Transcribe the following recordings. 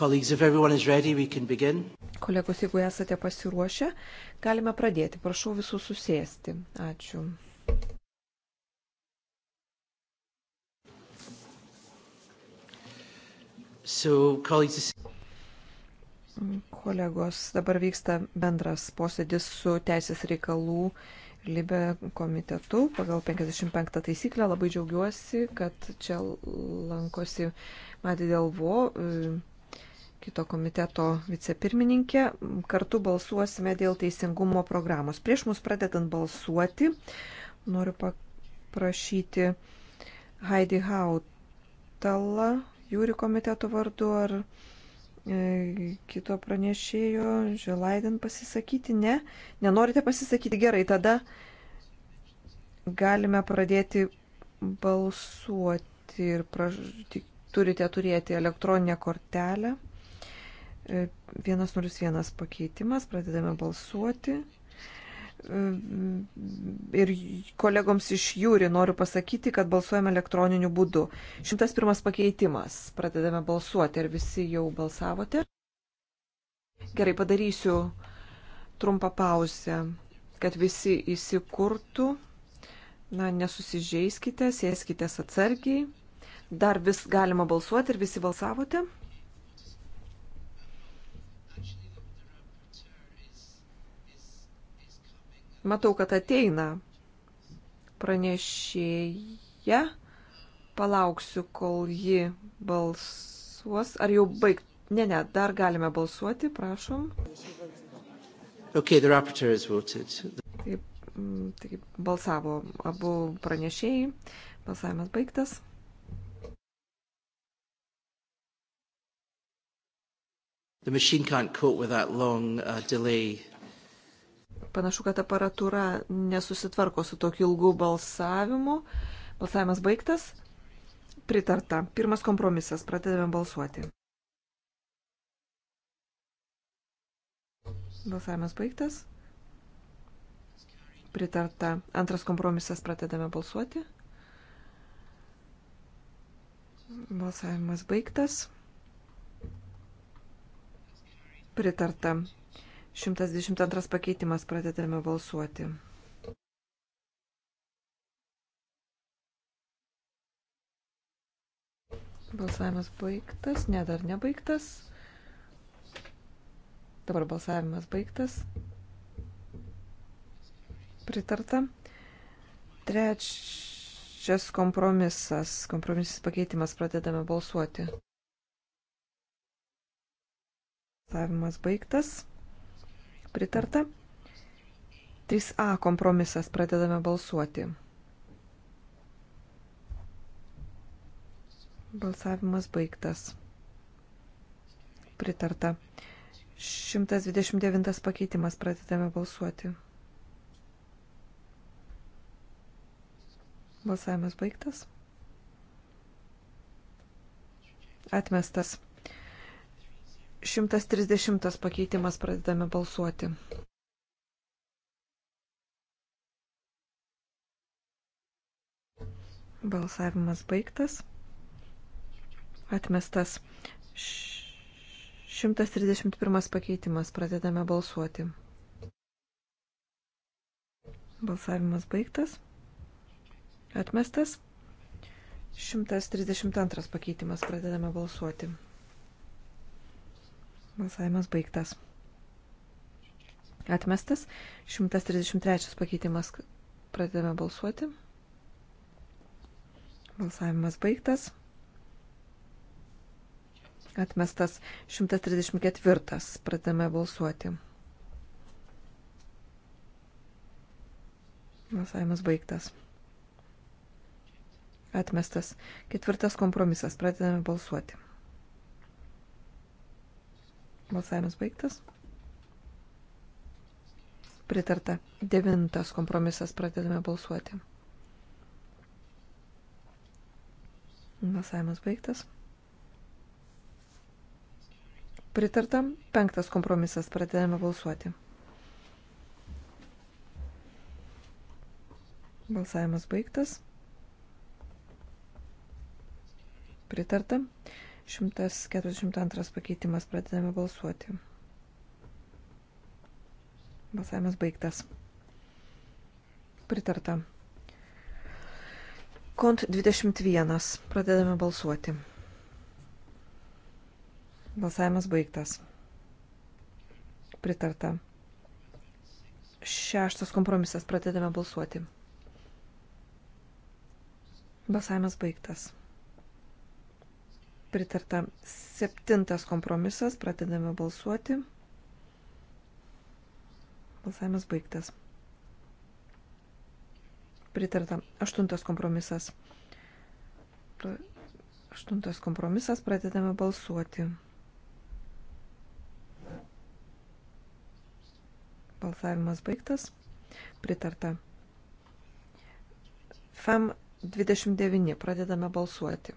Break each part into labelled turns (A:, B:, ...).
A: Kolegos, jeigu esate pasiruošę, galime pradėti. Prašau visų susėsti. Ačiū. So, colleagues... Kolegos, dabar vyksta bendras posėdis su Teisės reikalų Libe komitetu pagal 55 taisyklę. Labai džiaugiuosi, kad čia lankosi Matė Delvo, kito komiteto vicepirmininkė. Kartu balsuosime dėl teisingumo programos. Prieš mus pradedant balsuoti, noriu paprašyti Heidi Hautalą, jūri komiteto vardu ar e, kito pranešėjo, Želaidin pasisakyti. Ne, nenorite pasisakyti gerai, tada galime pradėti balsuoti ir praž... turite turėti elektroninę kortelę. 101 pakeitimas, pradedame balsuoti. Ir kolegoms iš jūri noriu pasakyti, kad balsuojame elektroniniu būdu. 101 pakeitimas, pradedame balsuoti. Ar visi jau balsavote? Gerai, padarysiu trumpą pauzę, kad visi įsikurtų. Na, nesusižeiskite, sėskite atsargiai. Dar vis galima balsuoti ir visi balsavote. Matau, kad ateina pranešėja. Palauksiu, kol ji balsuos. Ar jau baigt? Ne, ne, dar galime balsuoti, prašom. Okay, the rapporteur has voted. Taip, mm, taip, balsavo abu pranešėjai. Balsavimas baigtas. The machine can't cope with that long uh, delay. Panašu, kad aparatūra nesusitvarko su tokiu ilgu balsavimu. Balsavimas baigtas. Pritarta. Pirmas kompromisas. Pradedame balsuoti. Balsavimas baigtas. Pritarta. Antras kompromisas. Pradedame balsuoti. Balsavimas baigtas. Pritarta. 122 pakeitimas pradedame balsuoti. Balsavimas baigtas, ne dar nebaigtas. Dabar balsavimas baigtas. Pritarta. Trečias kompromisas. Kompromisis pakeitimas pradedame balsuoti. Balsavimas baigtas. Pritarta. 3A kompromisas pradedame balsuoti. Balsavimas baigtas. Pritarta. 129 pakeitimas pradedame balsuoti. Balsavimas baigtas. Atmestas. 130 pakeitimas pradedame balsuoti. Balsavimas baigtas. Atmestas. 131 pakeitimas pradedame balsuoti. Balsavimas baigtas. Atmestas. 132 pakeitimas pradedame balsuoti. Balsavimas baigtas. Atmestas 133 pakeitimas. Pradedame balsuoti. Balsavimas baigtas. Atmestas 134. Pradame balsuoti. Balsavimas baigtas. Atmestas ketvirtas kompromisas. Pradedame balsuoti. Balsavimas baigtas. Pritarta. Devintas kompromisas pradedame balsuoti. Balsavimas baigtas. Pritarta. Penktas kompromisas pradedame balsuoti. Balsavimas baigtas. Pritarta. Pritarta. 142 pakeitimas pradedame balsuoti. Balsavimas baigtas. Pritarta. Kont 21. Pradedame balsuoti. Balsavimas baigtas. Pritarta. Šeštas kompromisas. Pradedame balsuoti. Balsavimas baigtas. Pritarta. Septintas kompromisas. Pradedame balsuoti. Balsavimas baigtas. Pritarta. Aštuntas kompromisas. Aštuntas kompromisas. Pradedame balsuoti. Balsavimas baigtas. Pritarta. FAM 29. Pradedame balsuoti.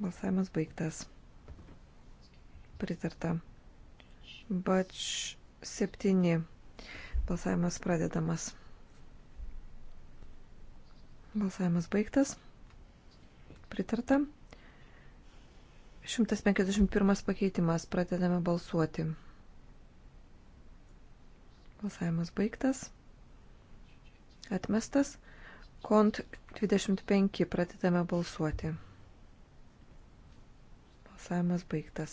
A: Balsavimas baigtas. Pritarta. Bač 7. Balsavimas pradedamas. Balsavimas baigtas. Pritarta. 151 pakeitimas. Pradedame balsuoti. Balsavimas baigtas. Atmestas. Kont 25. Pradedame balsuoti. Balsavimas baigtas.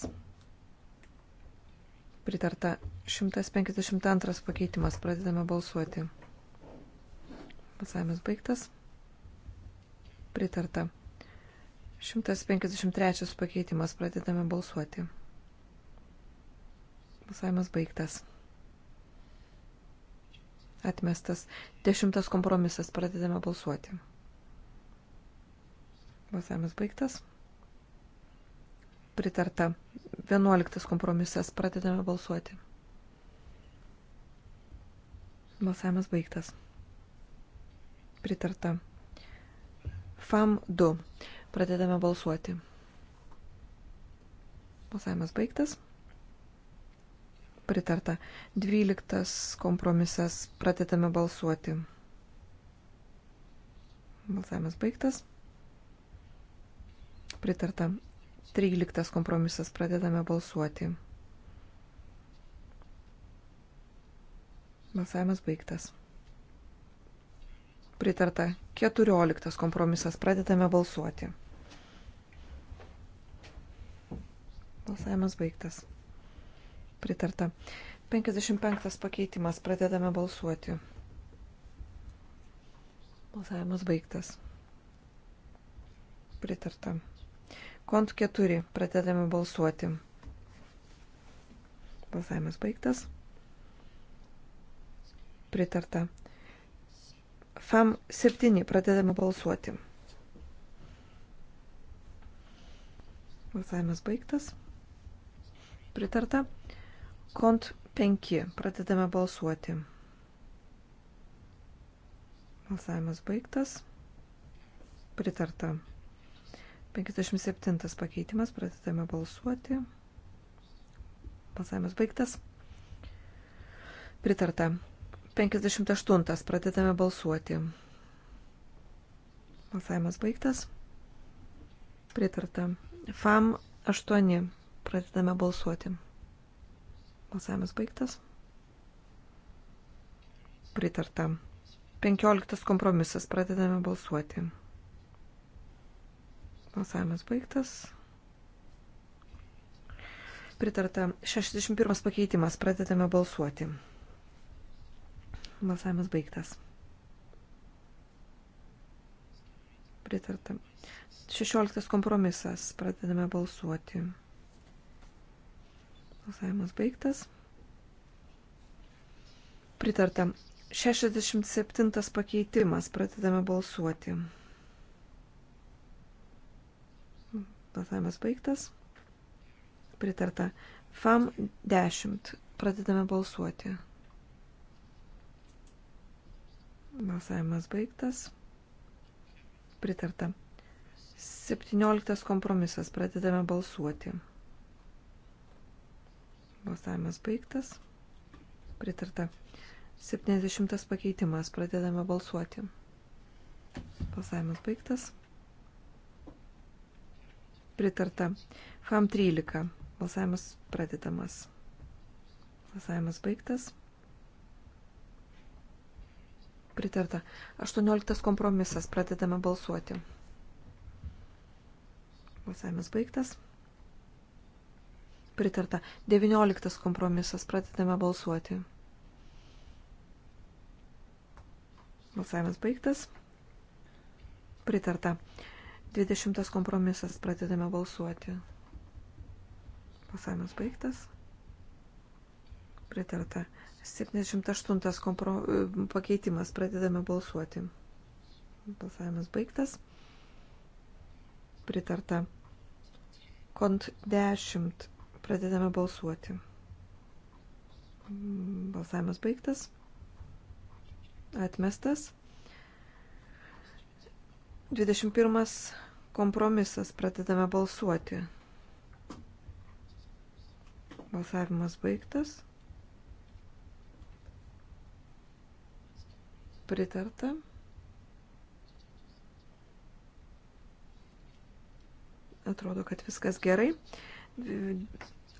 A: Pritarta 152 pakeitimas. Pradedame balsuoti. Balsavimas baigtas. Pritarta. 153 pakeitimas. Pradedame balsuoti. Balsavimas baigtas. Atmestas. Dešimtas kompromisas. Pradedame balsuoti. Balsavimas baigtas. Pritarta. 11 kompromisas. Pradedame balsuoti. Balsavimas baigtas. Pritarta. FAM 2. Pradedame balsuoti. Balsavimas baigtas. Pritarta. 12 kompromisas. Pradedame balsuoti. Balsavimas baigtas. Pritarta. 13 kompromisas pradedame balsuoti. Balsavimas baigtas. Pritarta 14 kompromisas pradedame balsuoti. Balsavimas baigtas. Pritarta. 55 pakeitimas. Pradedame balsuoti. Balsavimas baigtas. Pritarta. Kont 4. Pratedame balsuoti. Balsavimas baigtas. Pritarta. FAM 7. Pratedame balsuoti. Balsavimas baigtas. Pritarta. Kont 5. Pratedame balsuoti. Balsavimas baigtas. Pritarta. 57 pakeitimas, pradedame balsuoti. Balsavimas baigtas. Pritarta. 58 pradedame balsuoti. Balsavimas baigtas. Pritarta. FAM 8 pradedame balsuoti. Balsavimas baigtas. Pritarta. 15 kompromisas pradedame balsuoti. Balsavimas baigtas. Pritarta 61 pakeitimas. Pradedame balsuoti. Balsavimas baigtas. Pritarta. 16 kompromisas. Pradedame balsuoti. Balsavimas baigtas. Pritarta. 67 pakeitimas. Pradedame balsuoti. Balsavimas baigtas. Pritarta. FAM 10. Pradedame balsuoti. Balsavimas baigtas. Pritarta. 17 kompromisas. Pradedame balsuoti. Balsavimas baigtas. Pritarta. 70 pakeitimas. Pradedame balsuoti. Balsavimas baigtas. Pritarta. FAM 13. Balsavimas pradedamas. Balsavimas baigtas. Pritarta. 18 kompromisas. Pradedame balsuoti. Balsavimas baigtas. Pritarta. 19 kompromisas. Pradedame balsuoti. Balsavimas baigtas. Pritarta. 20 kompromisas pradedame balsuoti. Pasavimas baigtas. Pritarta. 78 kompro... pakeitimas pradedame balsuoti. Balsavimas baigtas. Pritarta. Kont 10 pradedame balsuoti. Balsavimas baigtas. Atmestas. 21 kompromisas. Pradedame balsuoti. Balsavimas baigtas. Pritarta. Atrodo, kad viskas gerai.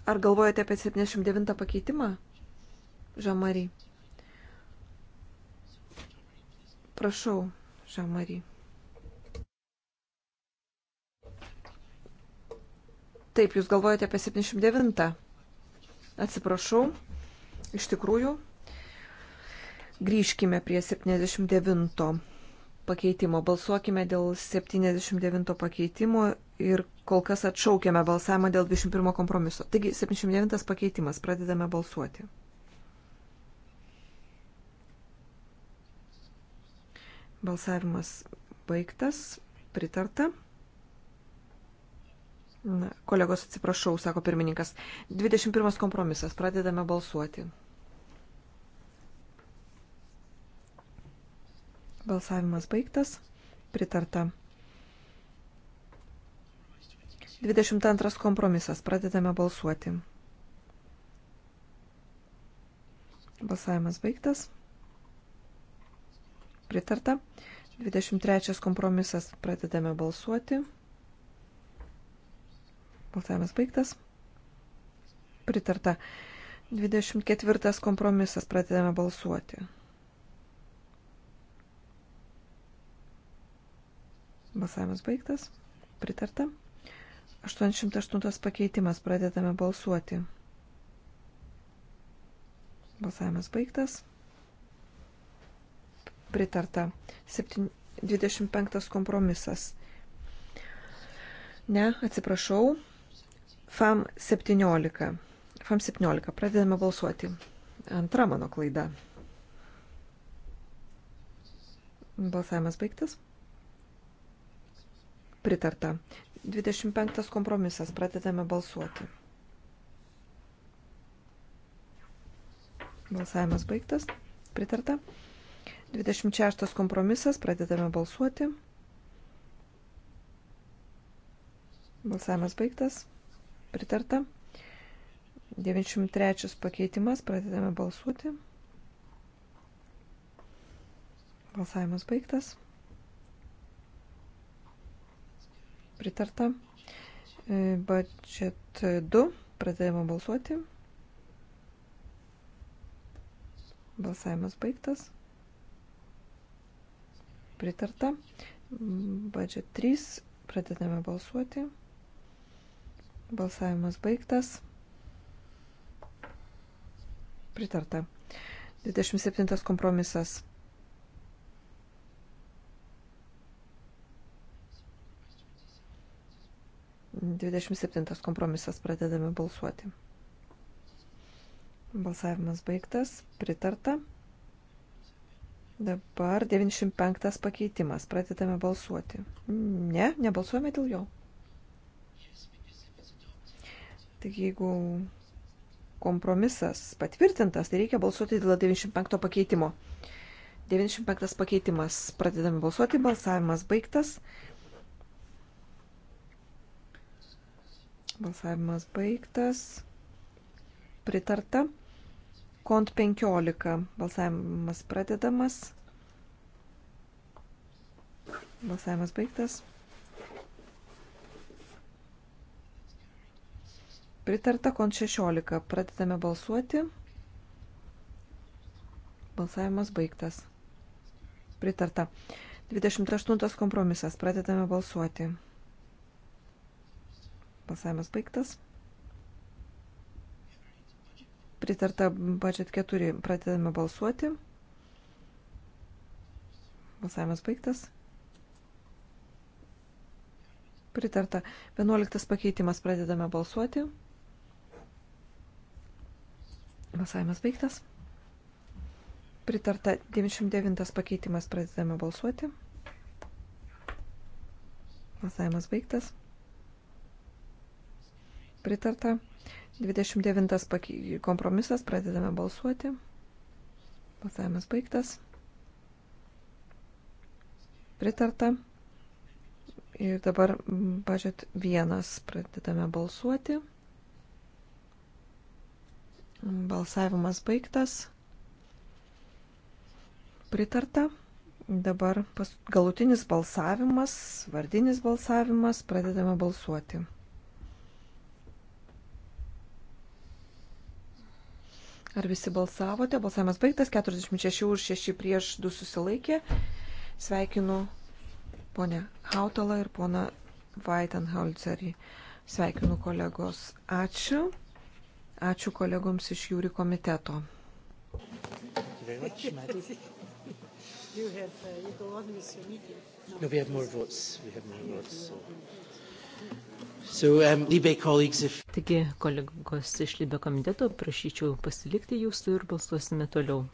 A: Ar galvojate apie 79 pakeitimą, Žamary? Prašau, Žamary. Taip, jūs galvojate apie 79. Atsiprašau, iš tikrųjų. Grįžkime prie 79 pakeitimo. Balsuokime dėl 79 pakeitimo ir kol kas atšaukėme balsavimą dėl 21 kompromiso. Taigi 79 pakeitimas. Pradedame balsuoti. Balsavimas baigtas. Pritarta. Na, kolegos, atsiprašau, sako pirmininkas. 21 kompromisas. Pradedame balsuoti. Balsavimas baigtas. Pritarta. 22 kompromisas. Pradedame balsuoti. Balsavimas baigtas. Pritarta. 23 kompromisas. Pradedame balsuoti. Balsavimas baigtas. Pritarta. 24 kompromisas pradedame balsuoti. Balsavimas baigtas. Pritarta. 808 pakeitimas pradedame balsuoti. Balsavimas baigtas. Pritarta. 7, 25 kompromisas. Ne, atsiprašau. FAM 17. FAM 17. Pradedame balsuoti. Antra mano klaida. Balsavimas baigtas. Pritarta. 25 kompromisas. Pradedame balsuoti. Balsavimas baigtas. Pritarta. 26 kompromisas. Pradedame balsuoti. Balsavimas baigtas pritarta. 93 pakeitimas, pradedame balsuoti. Balsavimas baigtas. Pritarta. E, budget 2, pradedame balsuoti. Balsavimas baigtas. Pritarta. Budget 3, pradedame balsuoti. Balsavimas baigtas. Balsavimas baigtas. Pritarta. 27 kompromisas. Dvidešimt septintas kompromisas pradedame balsuoti. Balsavimas baigtas, pritarta. Dabar 95 pakeitimas, pradedame balsuoti. Ne, nebalsuojame dėl jo. Tik jeigu kompromisas patvirtintas, tai reikia balsuoti dėl 95 pakeitimo. 95 pakeitimas. Pradedame balsuoti, balsavimas baigtas. Balsavimas baigtas. Pritarta. Kont 15. Balsavimas pradedamas. Balsavimas baigtas. Pritarta kon 16. Pradedame balsuoti. Balsavimas baigtas. Pritarta. 28 kompromisas. Pradedame balsuoti. Balsavimas baigtas. Pritarta budget 4. Pradedame balsuoti. Balsavimas baigtas. Pritarta. 11 pakeitimas. Pradedame balsuoti. Balsavimas baigtas. Pritarta 99 pakeitimas, pradedame balsuoti. Balsavimas baigtas. Pritarta 29 kompromisas, pradedame balsuoti. Balsavimas baigtas. Pritarta. Ir dabar, pažiūrėt, vienas pradedame balsuoti. Balsuoti. Balsavimas baigtas. Pritarta. Dabar pas, galutinis balsavimas, vardinis balsavimas, pradedame balsuoti. Ar visi balsavote? Balsavimas baigtas, 46 už 6 prieš 2 susilaikė. Sveikinu ponę Hautalą ir poną Vaitenholzerį. Sveikinu kolegos. Ačiū. Ačiū kolegoms iš jūri komiteto. You have, uh, you go on with your meeting. No, no we have more votes. We have more votes. So. So, um, colleagues, if... Taigi, kolegos iš Libė komiteto, prašyčiau pasilikti jūsų ir balsuosime toliau.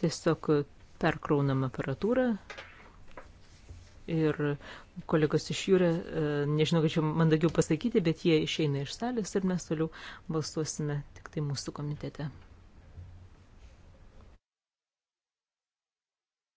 A: Tiesiog perkraunam aparatūrą ir kolegos iš jūrė, e, nežinau, kaip čia mandagiau pasakyti, bet jie išeina iš salės ir mes toliau balsuosime tik tai mūsų komitete.